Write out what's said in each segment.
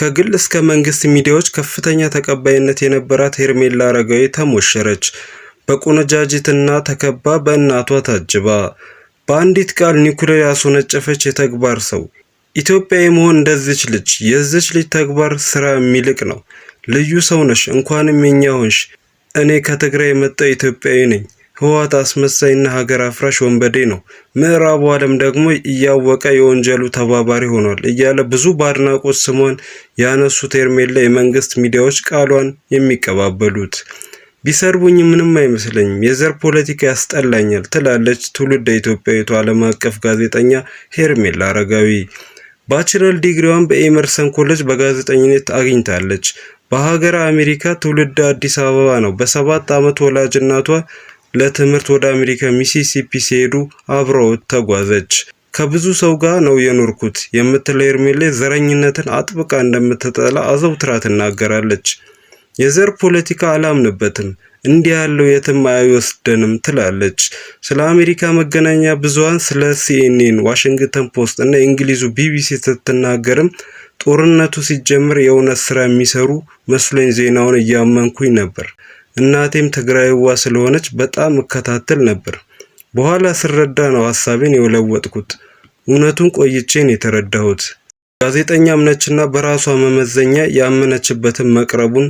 ከግል እስከ መንግስት ሚዲያዎች ከፍተኛ ተቀባይነት የነበራት ሄርሜላ አረጋዊ ተሞሸረች። በቆነጃጅትና ተከባ በእናቷ ታጅባ በአንዲት ቃል ኒኩሌር ያስወነጨፈች የተግባር ሰው ኢትዮጵያ የመሆን እንደዚች ልጅ የዚች ልጅ ተግባር ስራ የሚልቅ ነው። ልዩ ሰው ነሽ፣ እንኳንም የኛ ሆንሽ። እኔ ከትግራይ የመጣው ኢትዮጵያዊ ነኝ። ህወሓት አስመሳይና ሀገር አፍራሽ ወንበዴ ነው፣ ምዕራቡ ዓለም ደግሞ እያወቀ የወንጀሉ ተባባሪ ሆኗል እያለ ብዙ በአድናቆት ስሟን ያነሱት ሄርሜላ የመንግስት ሚዲያዎች ቃሏን የሚቀባበሉት ቢሰርቡኝ ምንም አይመስለኝም፣ የዘር ፖለቲካ ያስጠላኛል ትላለች ትውልደ ኢትዮጵያዊቷ ዓለም አቀፍ ጋዜጠኛ ሄርሜላ አረጋዊ። ባችለር ዲግሪዋን በኤመርሰን ኮሌጅ በጋዜጠኝነት አግኝታለች። በሀገር አሜሪካ ትውልድ አዲስ አበባ ነው። በሰባት ዓመት ወላጅ እናቷ ለትምህርት ወደ አሜሪካ ሚሲሲፒ ሲሄዱ አብረውት ተጓዘች። ከብዙ ሰው ጋር ነው የኖርኩት የምትለው ሄርሜላ ዘረኝነትን አጥብቃ እንደምትጠላ አዘውትራ ትናገራለች። የዘር ፖለቲካ አላምንበትም፣ እንዲህ ያለው የትም አይወስደንም ትላለች። ስለ አሜሪካ መገናኛ ብዙሃን ስለ ሲኤንኤን፣ ዋሽንግተን ፖስት እና የእንግሊዙ ቢቢሲ ስትናገርም ጦርነቱ ሲጀምር የእውነት ስራ የሚሰሩ መስሎኝ ዜናውን እያመንኩኝ ነበር እናቴም ትግራይዋ ስለሆነች በጣም እከታተል ነበር። በኋላ ስረዳ ነው ሀሳቤን የለወጥኩት። እውነቱን ቆይቼን የተረዳሁት። ጋዜጠኛም ነችና በራሷ መመዘኛ ያመነችበትን መቅረቡን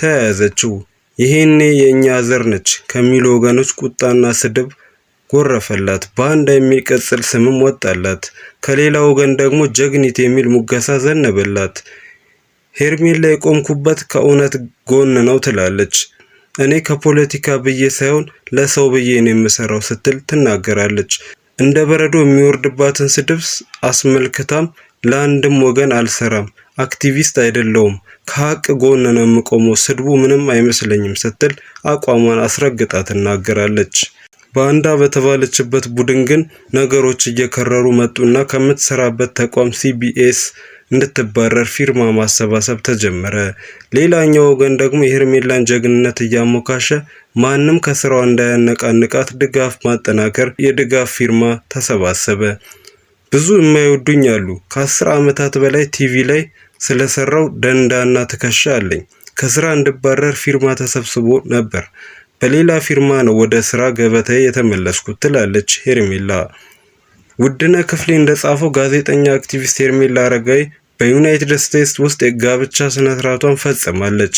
ተያያዘችው። ይሄኔ የእኛ ዘር ነች ከሚሉ ወገኖች ቁጣና ስድብ ጎረፈላት። በአንዳ የሚቀጽል ስምም ወጣላት። ከሌላ ወገን ደግሞ ጀግኒት የሚል ሙገሳ ዘነበላት። ሄርሜላ የቆምኩበት ከእውነት ጎን ነው ትላለች። እኔ ከፖለቲካ ብዬ ሳይሆን ለሰው ብዬ ነው የምሰራው ስትል ትናገራለች። እንደ በረዶ የሚወርድባትን ስድብስ አስመልክታም ለአንድም ወገን አልሰራም፣ አክቲቪስት አይደለውም፣ ከሀቅ ጎን ነው የምቆመው፣ ስድቡ ምንም አይመስለኝም ስትል አቋሟን አስረግጣ ትናገራለች። በአንዳ በተባለችበት ቡድን ግን ነገሮች እየከረሩ መጡና ከምትሰራበት ተቋም ሲቢኤስ እንድትባረር ፊርማ ማሰባሰብ ተጀመረ። ሌላኛው ወገን ደግሞ የሄርሜላን ጀግንነት እያሞካሸ ማንም ከስራዋ እንዳያነቃንቃት ድጋፍ ማጠናከር የድጋፍ ፊርማ ተሰባሰበ። ብዙ የማይወዱኝ አሉ። ከአስር ዓመታት በላይ ቲቪ ላይ ስለሰራው ደንዳና ትከሻ አለኝ። ከስራ እንድባረር ፊርማ ተሰብስቦ ነበር። በሌላ ፊርማ ነው ወደ ስራ ገበታዬ የተመለስኩት ትላለች ሄርሜላ። ውድነ ክፍሌ እንደጻፈው ጋዜጠኛ አክቲቪስት ሄርሜላ አረጋዊ በዩናይትድ ስቴትስ ውስጥ የጋብቻ ስነ ስርዓቷን ፈጽማለች።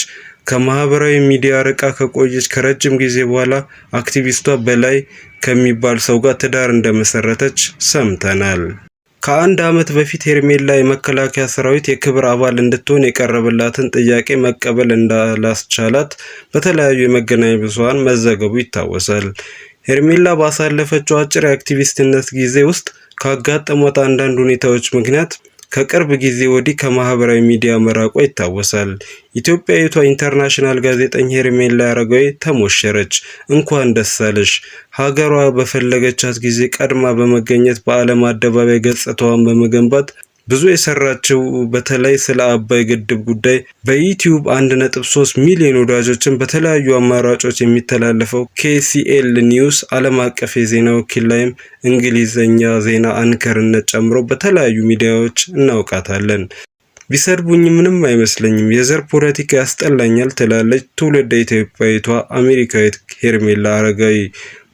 ከማህበራዊ ሚዲያ ርቃ ከቆየች ከረጅም ጊዜ በኋላ አክቲቪስቷ በላይ ከሚባል ሰው ጋር ትዳር እንደመሰረተች ሰምተናል። ከአንድ ዓመት በፊት ሄርሜላ የመከላከያ ሰራዊት የክብር አባል እንድትሆን የቀረበላትን ጥያቄ መቀበል እንዳላስቻላት በተለያዩ የመገናኛ ብዙኃን መዘገቡ ይታወሳል። ሄርሜላ ባሳለፈችው አጭር የአክቲቪስትነት ጊዜ ውስጥ ካጋጠሟት አንዳንድ ሁኔታዎች ምክንያት ከቅርብ ጊዜ ወዲህ ከማህበራዊ ሚዲያ መራቋ ይታወሳል። ኢትዮጵያዊቷ ኢንተርናሽናል ጋዜጠኛ ሄርሜላ አረጋዊ ተሞሸረች። እንኳን ደስ አለሽ! ሀገሯ በፈለገቻት ጊዜ ቀድማ በመገኘት በዓለም አደባባይ ገጽታዋን በመገንባት ብዙ የሰራችው በተለይ ስለ አባይ ግድብ ጉዳይ በዩቲዩብ 1.3 ሚሊዮን ወዳጆችን በተለያዩ አማራጮች የሚተላለፈው ኬሲኤል ኒውስ ዓለም አቀፍ የዜና ወኪል ላይም እንግሊዘኛ ዜና አንከርነት ጨምሮ በተለያዩ ሚዲያዎች እናውቃታለን። ቢሰድቡኝ ምንም አይመስለኝም፣ የዘር ፖለቲካ ያስጠላኛል ትላለች ትውልደ ኢትዮጵያዊቷ አሜሪካዊት ሄርሜላ አረጋዊ።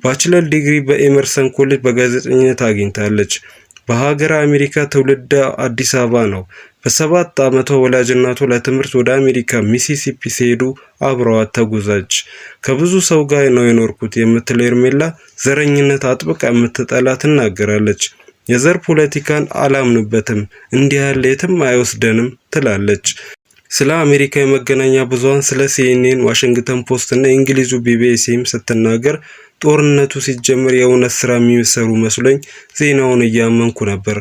ባችለር ዲግሪ በኤመርሰን ኮሌጅ በጋዜጠኝነት አግኝታለች። በሀገር አሜሪካ ትውልደ አዲስ አበባ ነው። በሰባት ዓመቷ ወላጅናቷ ለትምህርት ወደ አሜሪካ ሚሲሲፒ ሲሄዱ አብረዋት ተጉዛች። ከብዙ ሰው ጋር ነው የኖርኩት የምትለው ኤርሜላ ዘረኝነት አጥብቃ የምትጠላ ትናገራለች። የዘር ፖለቲካን አላምንበትም፣ እንዲህ ያለ የትም አይወስደንም ትላለች። ስለ አሜሪካ የመገናኛ ብዙሃን ስለ ሲኤንኤን፣ ዋሽንግተን ፖስት እና የእንግሊዙ ቢቢሲም ስትናገር ጦርነቱ ሲጀመር የእውነት ስራ የሚሰሩ መስሎኝ ዜናውን እያመንኩ ነበር።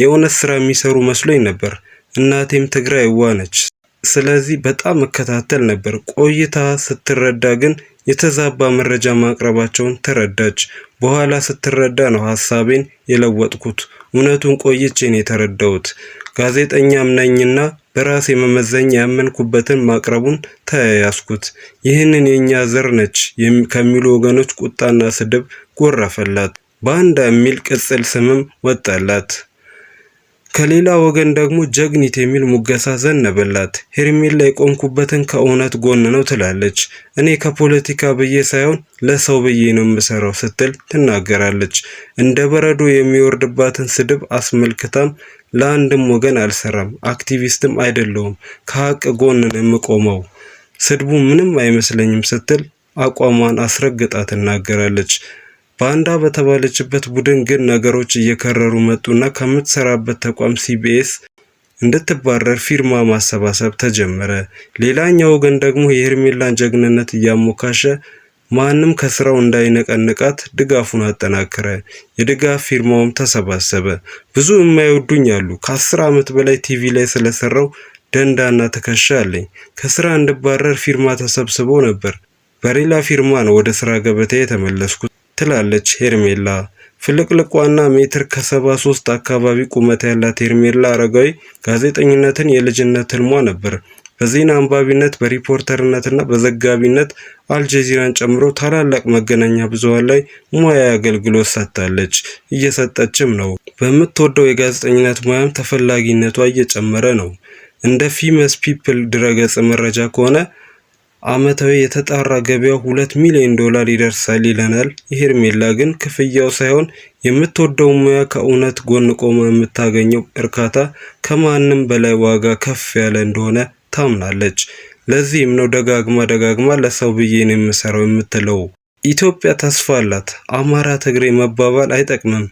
የእውነት ስራ የሚሰሩ መስሎኝ ነበር። እናቴም ትግራይዋ ነች። ስለዚህ በጣም እከታተል ነበር። ቆይታ ስትረዳ ግን የተዛባ መረጃ ማቅረባቸውን ተረዳች። በኋላ ስትረዳ ነው ሀሳቤን የለወጥኩት። እውነቱን ቆይቼን የተረዳሁት ጋዜጠኛም ነኝና በራሴ መመዘኛ ያመንኩበትን ማቅረቡን ተያያዝኩት። ይህንን የእኛ ዘር ነች ከሚሉ ወገኖች ቁጣና ስድብ ጎረፈላት። ባንዳ የሚል ቅጽል ስምም ወጣላት። ከሌላ ወገን ደግሞ ጀግኒት የሚል ሙገሳ ዘነበላት። ሄርሜላ የቆምኩበትን ከእውነት ጎን ነው ትላለች። እኔ ከፖለቲካ ብዬ ሳይሆን ለሰው ብዬ ነው የምሰራው ስትል ትናገራለች። እንደ በረዶ የሚወርድባትን ስድብ አስመልክታም ለአንድም ወገን አልሰራም፣ አክቲቪስትም አይደለውም፣ ከሀቅ ጎን ነው የምቆመው፣ ስድቡ ምንም አይመስለኝም ስትል አቋሟን አስረግጣ ትናገራለች። ባንዳ በተባለችበት ቡድን ግን ነገሮች እየከረሩ መጡና ከምትሰራበት ተቋም ሲቢኤስ እንድትባረር ፊርማ ማሰባሰብ ተጀመረ። ሌላኛው ግን ደግሞ የሄርሜላን ጀግንነት እያሞካሸ ማንም ከስራው እንዳይነቀንቃት ድጋፉን አጠናከረ። የድጋፍ ፊርማውም ተሰባሰበ። ብዙ የማይወዱኝ አሉ። ከአስር ዓመት በላይ ቲቪ ላይ ስለሰራው ደንዳና ትከሻ አለኝ። ከስራ እንድባረር ፊርማ ተሰብስቦ ነበር። በሌላ ፊርማ ነው ወደ ስራ ገበታ የተመለስኩት። ትላለች ሄርሜላ። ፍልቅልቋና ሜትር ከሰባ ሶስት አካባቢ ቁመት ያላት ሄርሜላ አረጋዊ ጋዜጠኝነትን የልጅነት ህልሟ ነበር። በዜና አንባቢነት በሪፖርተርነትና በዘጋቢነት አልጀዚራን ጨምሮ ታላላቅ መገናኛ ብዙሃን ላይ ሙያ አገልግሎት ሰጥታለች፣ እየሰጠችም ነው። በምትወደው የጋዜጠኝነት ሙያም ተፈላጊነቷ እየጨመረ ነው። እንደ ፊመስ ፒፕል ድረገጽ መረጃ ከሆነ ዓመታዊ የተጣራ ገበያው ሁለት ሚሊዮን ዶላር ይደርሳል ይለናል። የሄርሜላ ግን ክፍያው ሳይሆን የምትወደው ሙያ ከእውነት ጎን ቆመ የምታገኘው እርካታ ከማንም በላይ ዋጋ ከፍ ያለ እንደሆነ ታምናለች። ለዚህም ነው ደጋግማ ደጋግማ ለሰው ብዬን የምሰራው የምትለው። ኢትዮጵያ ተስፋ አላት። አማራ፣ ትግሬ መባባል አይጠቅምም።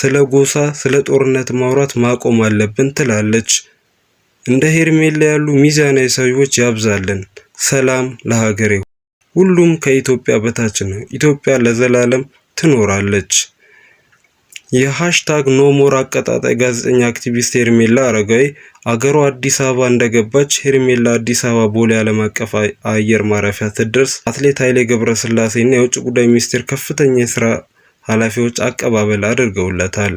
ስለ ጎሳ፣ ስለ ጦርነት ማውራት ማቆም አለብን ትላለች። እንደ ሄርሜላ ያሉ ሚዛናዊ ሰዎች ያብዛልን። ሰላም ለሀገሬ ሁሉም ከኢትዮጵያ በታች ነው። ኢትዮጵያ ለዘላለም ትኖራለች። የሃሽታግ ኖሞር አቀጣጣይ ጋዜጠኛ አክቲቪስት ሄርሜላ አረጋዊ አገሯ አዲስ አበባ እንደገባች ሄርሜላ አዲስ አበባ ቦሌ ዓለም አቀፍ አየር ማረፊያ ስትደርስ አትሌት ኃይሌ ገብረስላሴ የውጭ ጉዳይ ሚኒስቴር ከፍተኛ የስራ ኃላፊዎች አቀባበል አድርገውለታል።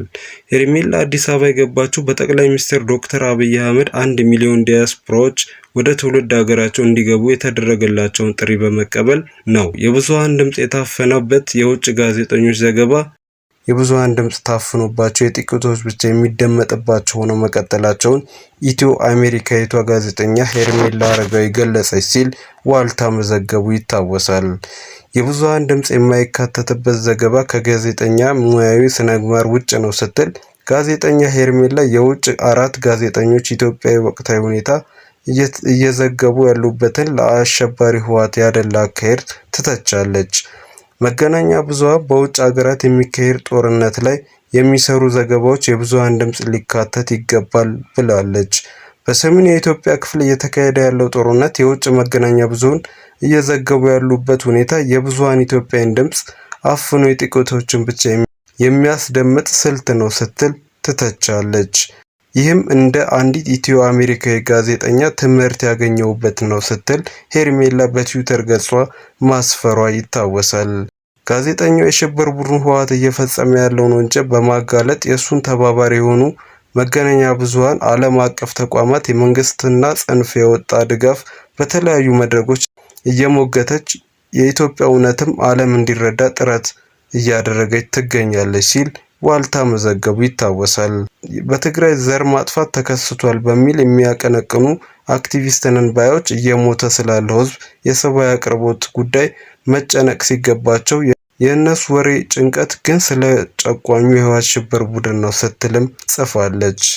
ሄርሜላ አዲስ አበባ የገባችው በጠቅላይ ሚኒስትር ዶክተር አብይ አህመድ አንድ ሚሊዮን ዲያስፖራዎች ወደ ትውልድ ሀገራቸው እንዲገቡ የተደረገላቸውን ጥሪ በመቀበል ነው። የብዙሀን ድምፅ የታፈነበት የውጭ ጋዜጠኞች ዘገባ የብዙሀን ድምፅ ታፍኖባቸው የጥቂቶች ብቻ የሚደመጥባቸው ሆነው መቀጠላቸውን ኢትዮ አሜሪካዊቷ ጋዜጠኛ ሄርሜላ አረጋዊ ገለጸች ሲል ዋልታ መዘገቡ ይታወሳል። የብዙሀን ድምፅ የማይካተትበት ዘገባ ከጋዜጠኛ ሙያዊ ስነግባር ውጭ ነው ስትል ጋዜጠኛ ሄርሜላ የውጭ አራት ጋዜጠኞች ኢትዮጵያዊ ወቅታዊ ሁኔታ እየዘገቡ ያሉበትን ለአሸባሪ ህወሓት ያደላ አካሄድ ትተቻለች። መገናኛ ብዙሃን በውጭ ሀገራት የሚካሄድ ጦርነት ላይ የሚሰሩ ዘገባዎች የብዙሃን ድምፅ ሊካተት ይገባል ብላለች። በሰሜን የኢትዮጵያ ክፍል እየተካሄደ ያለው ጦርነት የውጭ መገናኛ ብዙሃን እየዘገቡ ያሉበት ሁኔታ የብዙሃን ኢትዮጵያን ድምፅ አፍኖ የጥቂቶችን ብቻ የሚያስደምጥ ስልት ነው ስትል ትተቻለች። ይህም እንደ አንዲት ኢትዮ አሜሪካዊ ጋዜጠኛ ትምህርት ያገኘውበት ነው ስትል ሄርሜላ በትዊተር ገጿ ማስፈሯ ይታወሳል። ጋዜጠኛው የሽብር ቡድን ህወሓት እየፈጸመ ያለውን ወንጀል በማጋለጥ የእሱን ተባባሪ የሆኑ መገናኛ ብዙሃን ዓለም አቀፍ ተቋማት የመንግስትና ጽንፍ የወጣ ድጋፍ በተለያዩ መድረኮች እየሞገተች የኢትዮጵያ እውነትም ዓለም እንዲረዳ ጥረት እያደረገች ትገኛለች ሲል ዋልታ መዘገቡ ይታወሳል። በትግራይ ዘር ማጥፋት ተከስቷል በሚል የሚያቀነቅኑ አክቲቪስት ባዮች እየሞተ ስላለው ህዝብ የሰብአዊ አቅርቦት ጉዳይ መጨነቅ ሲገባቸው የእነሱ ወሬ ጭንቀት ግን ስለ ጨቋኙ የህወሓት ሽብር ቡድን ነው ስትልም ጽፋለች።